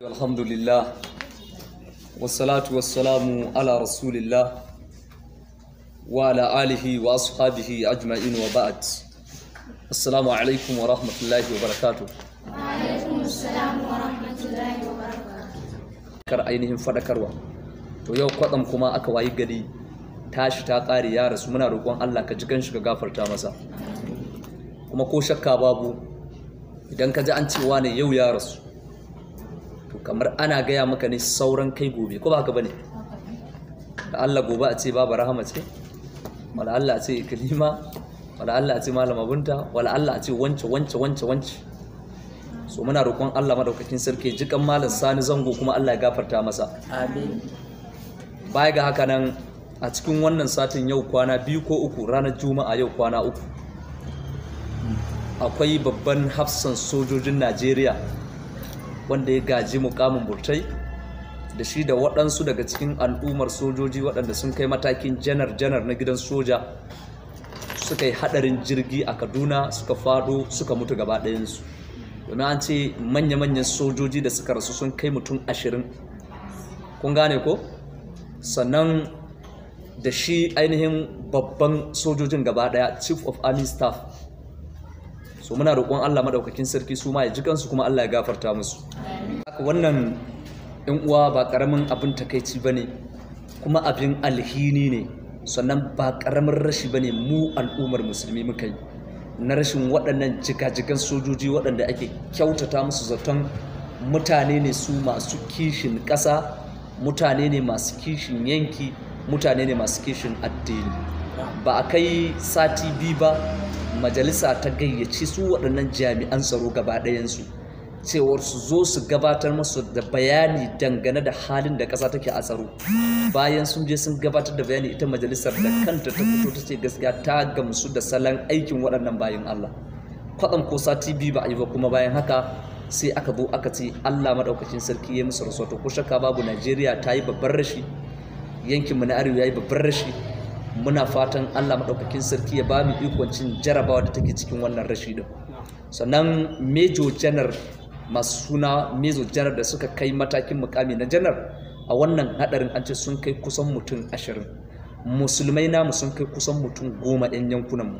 الحمد لله والصلاة والسلام على رسول الله وعلى آله وأصحابه أجمعين وبعد السلام عليكم ورحمة الله وبركاته وعليكم السلام ورحمة الله وبركاته kar ainihin faɗakarwa. to yau kwatsam kuma aka wayi gari tashi ta ƙare ya rasu muna roƙon Allah ka ji ganshi ka gafarta masa kuma ko shakka babu idan ka an cewa ne yau ya rasu kamar ana gaya maka ne sauran kai gobe ko ba haka bane da Allah gobe a ce babu rahama ce wala Allah a ce kalima wala Allah a ce malama bunta wala Allah a ce wance wance wance wance so muna roƙon Allah madaukakin sarki jikan malam sani zango kuma Allah ya gafarta masa amin baya ga haka nan a cikin wannan satin yau kwana biyu ko uku ranar juma'a yau kwana uku akwai babban hafsan sojojin Najeriya wanda ya gaji mukamin burtai da shi da waɗansu daga cikin al'ummar sojoji waɗanda sun kai matakin janar-janar na gidan soja suka yi haɗarin jirgi a kaduna suka faɗo suka mutu gaba ɗayansu domin an ce manya-manyan sojoji da suka rasu sun kai mutum ashirin kun gane ko sannan da shi ainihin babban sojojin gaba ɗaya chief of army staff so muna roƙon Allah madaukakin sarki su ma ya ji kansu kuma Allah ya gafarta musu haka wannan ɗan uwa ba ƙaramin abin takaici bane kuma abin alhini ne sannan ba ƙaramin rashi bane mu al'ummar musulmi muka yi na rashin waɗannan jikajikan sojoji waɗanda ake kyautata musu zaton mutane ne su masu kishin ƙasa mutane ne masu kishin yanki mutane ne masu kishin addini ba a kai sati biyu ba majalisa ta gayyaci su waɗannan jami'an tsaro gaba ɗayansu cewar su zo su gabatar musu da bayani dangane da halin da ƙasa take a tsaro bayan sun je sun gabatar da bayani ita majalisar da kanta ta fito ta ce gaskiya ta gamsu da salon aikin waɗannan bayan Allah kwaɗan ko sati biyu ba a yi ba kuma bayan haka sai aka zo aka ce Allah maɗaukacin sarki ya musu rasuwa to ko shakka babu Najeriya ta yi babban rashi yankinmu na arewa ya yi babban rashi muna fatan Allah maɗaukakin sarki ya ba mu ikon jarabawa da take cikin wannan rashi din sannan mejo janar masu suna major janar da suka kai matakin mukami na janar a wannan haɗarin an ce sun kai kusan mutum ashirin musulmai namu sun kai kusan mutum goma ɗan mu.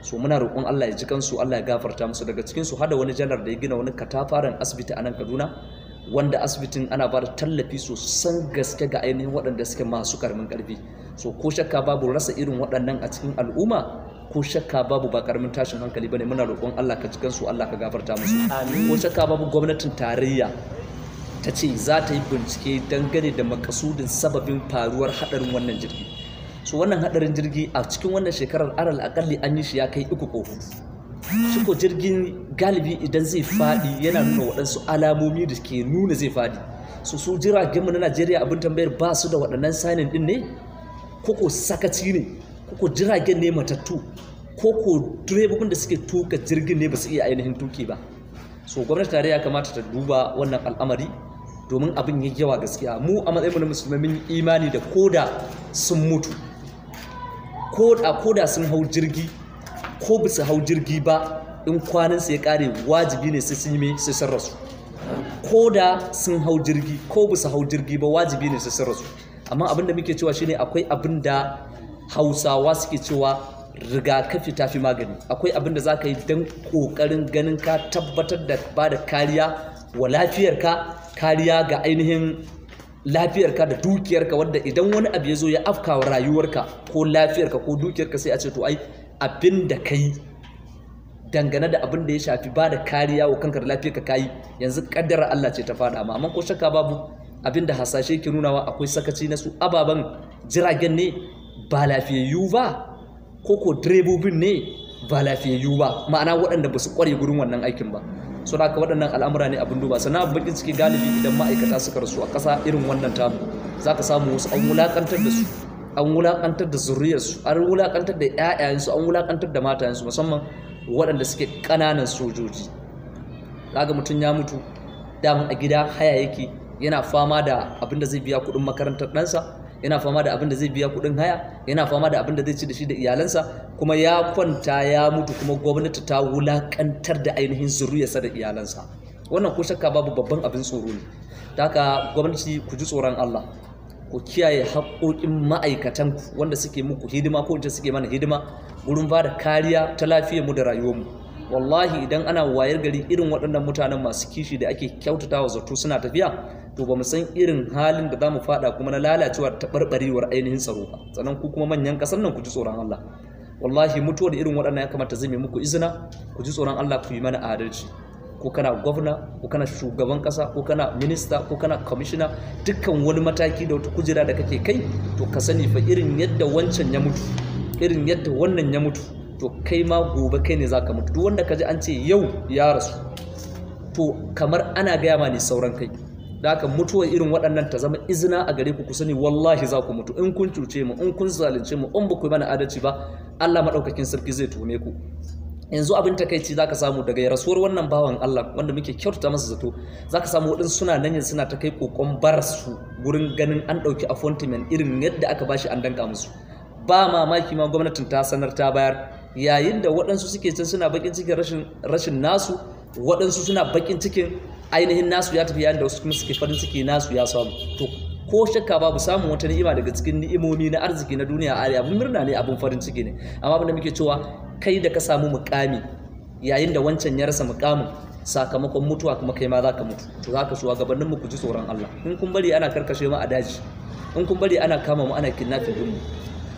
so muna roƙon Allah ya ji kansu Allah ya gafarta musu daga cikin su hada wani janar da ya gina wani katafaren asibiti a nan Kaduna wanda asibitin ana ba da tallafi sosan gaske ga ainihin waɗanda suke masu karamin ƙarfi so ko shakka babu rasa irin waɗannan a cikin al'umma ko shakka babu ba karamin tashin hankali bane muna roƙon Allah ka cikan su Allah ka gafarta musu ko shakka babu gwamnatin tarayya ta ce za ta yi bincike dangane da makasudin sababin faruwar haɗarin wannan jirgi so wannan haɗarin jirgi a cikin wannan shekarar aral akalli an yi shi ya kai uku ko. shi jirgin galibi idan zai faɗi yana nuna waɗansu alamomi da ke nuna zai faɗi su su jiragenmu na najeriya abin tambayar ba su da waɗannan sanin ɗin ne koko sakaci ne koko jiragen ne matattu koko direbobin da suke tuka jirgin ne ba su iya ainihin tuki ba so gwamnati tare ya kamata ta duba wannan al'amari domin abin ya yawa gaskiya mu a matsayin na musulmai imani da koda sun mutu koda koda sun hau jirgi ko ba su hau jirgi ba in su ya kare wajibi ne yi sai sun rasu ko da sun hau jirgi ko ba su hau jirgi ba wajibi ne sai sun rasu amma abin da muke cewa shine akwai abin da hausawa suke cewa rigakafi ta fi magani akwai abin da za ka yi don ƙoƙarin ganin ka tabbatar da ba da kariya wa lafiyarka kariya ga ainihin lafiyarka da dukiyarka wadda idan wani abu ya zo ya afkawa rayuwarka ko lafiyarka ko dukiyarka sai a ce to ai abin da ka yi dangane da abin da ya shafi ba da kariya wa kanka da lafiyar ka kayi yanzu kaddara Allah ce ta fada amma ko shakka babu abin da hasashe ke nunawa akwai sakaci na su ababen jiragen ne ba lafiyayyu ba ko ko direbobin ne ba lafiyayyu ba ma'ana waɗanda ba su ƙware gurin wannan aikin ba suna haka waɗannan al'amura ne abin duba sana bakin ciki galibi idan ma'aikata suka rasu a ƙasa irin wannan tamu za ka samu wasu an wulaƙantar da su an wulakantar da zuriyarsu an wulakantar da ƴaƴayensu an wulakantar da matayensu musamman waɗanda suke ƙananan sojoji kaga mutum ya mutu daman a gida haya yake yana fama da abin da zai biya kuɗin makarantar ɗansa yana fama da abin da zai biya kuɗin haya yana fama da abin da zai ci da shi da iyalansa kuma ya kwanta ya mutu kuma gwamnati ta wulaƙantar da ainihin zuriyarsa da iyalansa wannan ko shakka babu babban abin tsoro ne ta haka gwamnati ku ji tsoron Allah ku kiyaye haƙoƙin ma'aikatanku wanda suke muku hidima ko wacce suke mana hidima wurin ba da kariya ta lafiyar mu da rayuwarmu wallahi idan ana wayar gari irin waɗannan mutanen masu kishi da ake kyautata wa zato suna tafiya to ba mu san irin halin da za mu faɗa kuma na lalacewar taɓarɓarewar ainihin tsaro ba sannan ku kuma manyan ƙasar nan ku ji tsoron Allah wallahi mutuwa da irin waɗannan ya kamata zai muku izina ku ji tsoron Allah ku yi mana adalci ko kana gwamna ko kana shugaban kasa ko kana minista ko kana kwamishina dukkan wani mataki da wata kujera da kake kai to ka sani fa irin yadda wancan ya mutu irin yadda wannan ya mutu to kai ma gobe kai ne za ka mutu duk wanda ka ji an ce yau ya rasu to kamar ana gaya ma ne sauran kai da haka mutuwar irin waɗannan ta zama izina a gare ku ku sani wallahi za ku mutu in kun cuce mu in kun zalunce mu in ba ku mana adalci ba Allah maɗaukakin sarki zai tuhume ku yanzu abin takaici zaka samu daga rasuwar wannan bawan Allah wanda muke kyauta masa zato zaka samu waɗansu suna nan yanzu suna ta kai kokon barasu wurin ganin an ɗauki appointment irin yadda aka bashi an danka musu ba mamaki ma gwamnatin ta sanar ta bayar yayin da waɗansu suke can suna bakin cikin rashin nasu waɗansu suna bakin cikin ainihin nasu ya tafi yayin da wasu kuma suke farin ciki nasu ya samu to ko shakka babu samun wata ni'ima daga cikin ni'imomi na arziki na duniya a abin murna ne abin farin ciki ne amma abin da muke cewa kai da ka samu mukami yayin da wancan ya rasa mukamin sakamakon mutuwa kuma kai ma za ka mutu to za ka shuwa gabaninmu ku ji tsoron Allah in kun bari ana karkashe mu a daji in kun bari ana kama mu ana kidnapping din mu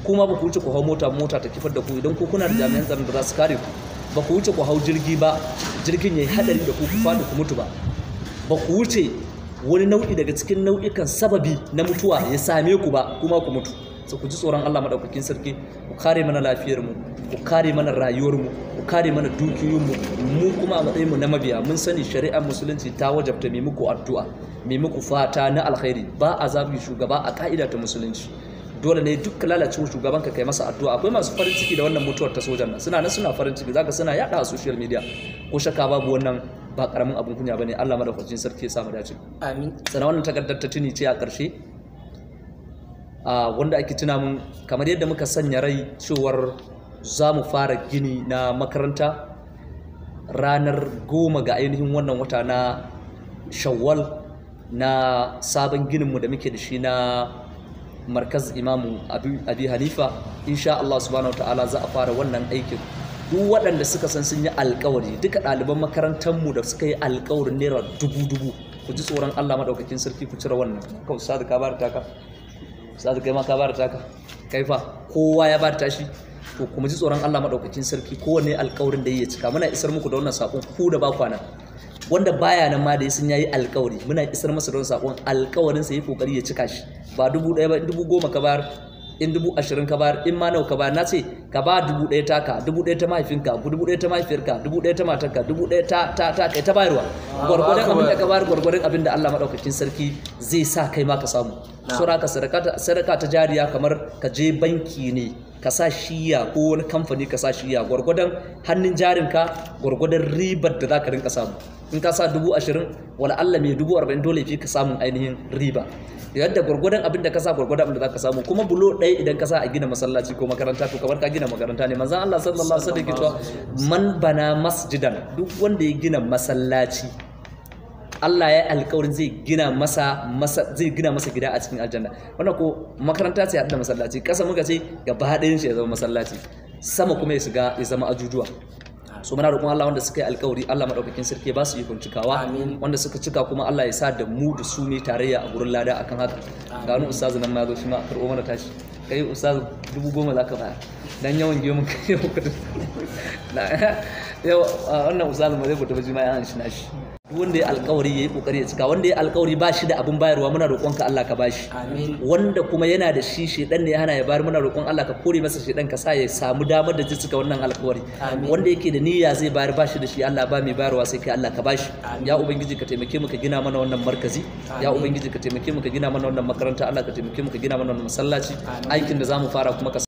kuma ba ku wuce ku hau mota mota ta kifar da ku idan ku kuna da jami'an tsaron da za su kare ku ba ku wuce ku hau jirgi ba jirgin ya yi hadari da ku ku fadi ku mutu ba ba ku wuce wani nau'i daga cikin nau'ikan sababi na mutuwa ya same ku ba kuma ku mutu sai ku ji tsoron Allah madaukakin sarki ku kare mana lafiyar mu ku kare mana rayuwarmu ku kare mana dukiyoyinmu mu kuma a matsayinmu na mabiya mun sani shari'ar musulunci ta wajabta mai muku addu'a mai muku fata na alkhairi ba a zaɓi shugaba a ka'ida ta musulunci dole ne duk lalacewa shugaban ka kai masa addu'a akwai masu farin ciki da wannan mutuwar ta sojan suna nan suna farin ciki zaka suna yada a social media ko shaka babu wannan ba karamin abun kunya bane Allah madaukakin sarki ya samu dace amin sana wannan takardar ta tuni ce a karshe a wanda ake tuna mun kamar yadda muka sanya rai cewar za mu fara gini na makaranta ranar goma ga ainihin wannan wata na shawwal na sabon gininmu da muke da shi na markaz imamu abi hanifa insha Allah subhanahu ta'ala za a fara wannan aikin duk waɗanda suka san sun yi alkawari duka ɗaliban makarantarmu da suka yi alkawarin naira dubu dubu ku ji tsoron Allah maɗaukakin sarki ku cire wannan kawai sadu ka bada taka sadu kai ma ka bada taka kai fa kowa ya bada tashi to kuma ji tsoron Allah madaukakin sarki kowane alƙawarin da ya cika muna isar muku da wannan sakon ku da ba kwana wanda baya nan ma da sun yayi alƙawari muna isar masa da wannan sakon alƙawarin sa yi kokari ya cika shi ba dubu ɗaya ba dubu goma ka ba, in dubu ashirin ka ba, in ma nawa ka ba na ce ka ba dubu ɗaya ka, dubu ɗaya ta mahaifinka dubu ɗaya ta mahaifiyarka dubu ɗaya ta matarka dubu ɗaya ta ta ta kai ta bayarwa gwargwadon abin da ka bayar gwargwadon abin da Allah madaukakin sarki zai sa kai ma ka samu sura ka sadaka ta jariya kamar ka je banki ne ka sa shiya ko wani kamfani ka sa shiya gwargwadon hannun jarinka gwargwadon ribar da za ka rinka samu in ka sa dubu ashirin wala Allah mai dubu arba'in dole fi ka samun ainihin riba yadda gwargwadon abin da ka sa gwargwadon abin da za ka samu kuma bulo ɗaya idan ka sa a gina masallaci ko makaranta to kamar ka gina makaranta ne manzan Allah sallallahu alaihi wasallam man bana masjidan duk wanda ya gina masallaci Allah ya alkawarin zai gina masa zai gina masa gida a cikin aljanna wannan ko makaranta ce da masallaci kasa muka ce gaba ɗayan shi ya zama masallaci sama kuma ya shiga ya zama ajujuwa so muna roƙon Allah wanda suka yi alkawari Allah madaukakin sarki ba su yi kuncikawa wanda suka cika kuma Allah ya sa da mu da su ne tarayya a gurin lada akan haka ga wani ustazu nan ma zo shi ma a karɓo mana tashi kai ustazu dubu goma za ka bayar dan yawan mun kai yau yau, wannan ustazu ma zai fita ba ji ma ya hanshi nashi wanda ya alkawari yi kokari ya cika wanda ya alkawari ba shi da abin bayarwa muna roƙon ka Allah ka bashi wanda kuma yana da shi shedan ne ya hana ya bayar muna roƙon Allah ka kore masa shedan ka sa ya samu damar da zai cika wannan alkawari wanda yake da niyya zai bayar ba shi da shi Allah ba mai bayarwa sai kai Allah ka bashi ya ubangiji ka taimake mu ka gina mana wannan markazi ya ubangiji ka taimake mu ka gina mana wannan makaranta Allah ka taimake mu ka gina mana wannan masallaci aikin da zamu fara kuma ka